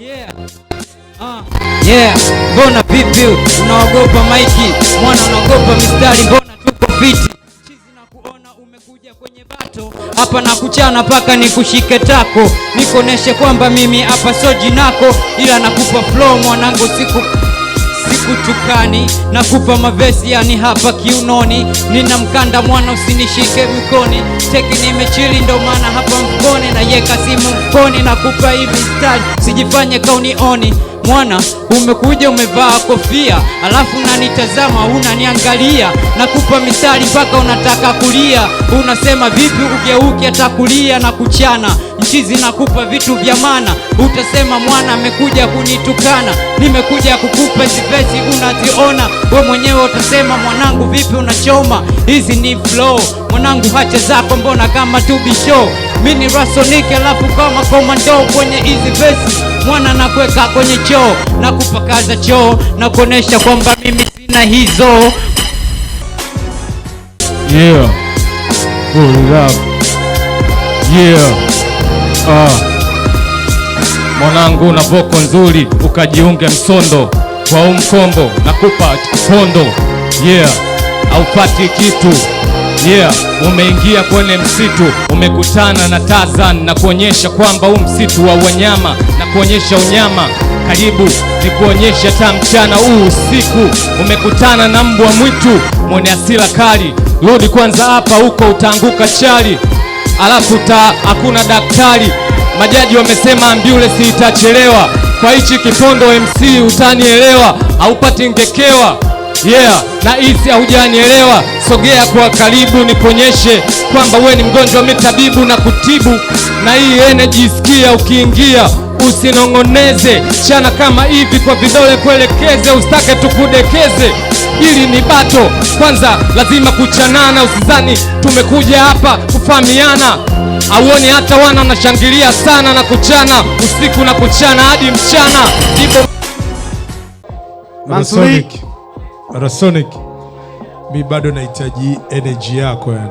yeah. Uh, yeah. Mbona vipi unaogopa maiki mwana, unaogopa mistari, mbona tuko fiti umekuja kwenye bato hapa na kuchana paka nikushike tako nikoneshe kwamba mimi hapa soji nako, ila nakupa flow mwanangu siku na nakupa mavesi yani hapa kiunoni, nina mkanda mwana, usinishike mkoni, teki nimechili ndo maana hapa mfukoni, nayeka simu na kupa hivi style, sijifanye kaunioni mwana umekuja umevaa kofia, alafu unanitazama unaniangalia, nakupa misali mpaka unataka kulia, unasema vipi ugeuki atakulia na kuchana nchi zinakupa vitu vya maana. Utasema mwana amekuja kunitukana, nimekuja kukupa zipesi unaziona. We mwenyewe utasema mwanangu, vipi unachoma? Hizi ni flow mwanangu, hacha zako mbona kama tubisho mini rasonike alafu kama komando kwenye hizi vesi mwana, nakuweka kwenye choo na kupakaza choo na kuonesha kwamba mimi sina hizo yeah. Ah, mwanangu na voko nzuri, ukajiunge msondo kwa u mkombo, nakupa kondo yeah, aupati kitu yeah. Umeingia kwenye msitu, umekutana na Tarzan na kuonyesha kwamba huu msitu wa wanyama na kuonyesha unyama karibu ni kuonyesha taa mchana huu usiku. Umekutana na mbwa mwitu mwenye asila kali, rudi kwanza hapa, huko utaanguka chali alafu ta hakuna daktari. Majaji wamesema ambulance itachelewa kwa hichi kipondo, MC utanielewa, haupati ngekewa yeah, na isi haujanielewa, sogea kwa karibu nikuonyeshe kwamba we ni mgonjwa, mimi tabibu na kutibu, na hii energy isikia ukiingia usinong'oneze chana kama hivi kwa vidole kuelekeze, usitake tukudekeze. ili ni bato kwanza, lazima kuchanana, usizani tumekuja hapa kufahamiana. Auoni hata wana wanashangilia sana na kuchana usiku na kuchana hadi mchana. Rasonic, Rasonic, mi bado nahitaji energy yako yani.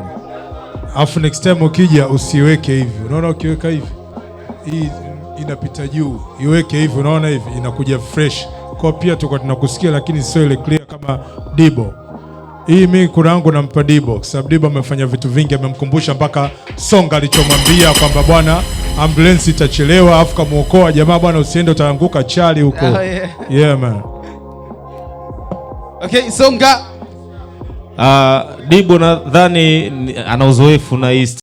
Afu next time ukija usiweke hivi, unaona, ukiweka hivi hii inapita juu, iweke hivi, unaona hivi inakuja fresh. Kwa pia tuko tunakusikia, lakini sio ile clear kama Dibo. Hii mi kura yangu nampa Dibo, sababu Dibo amefanya vitu vingi, amemkumbusha mpaka songa alichomwambia kwamba bwana ambulensi itachelewa, afu kamwokoa jamaa, bwana usiende utaanguka chali huko. Oh, yeah. Yeah, man. Okay, songa. Uh, ah, Dibo nadhani ana uzoefu na East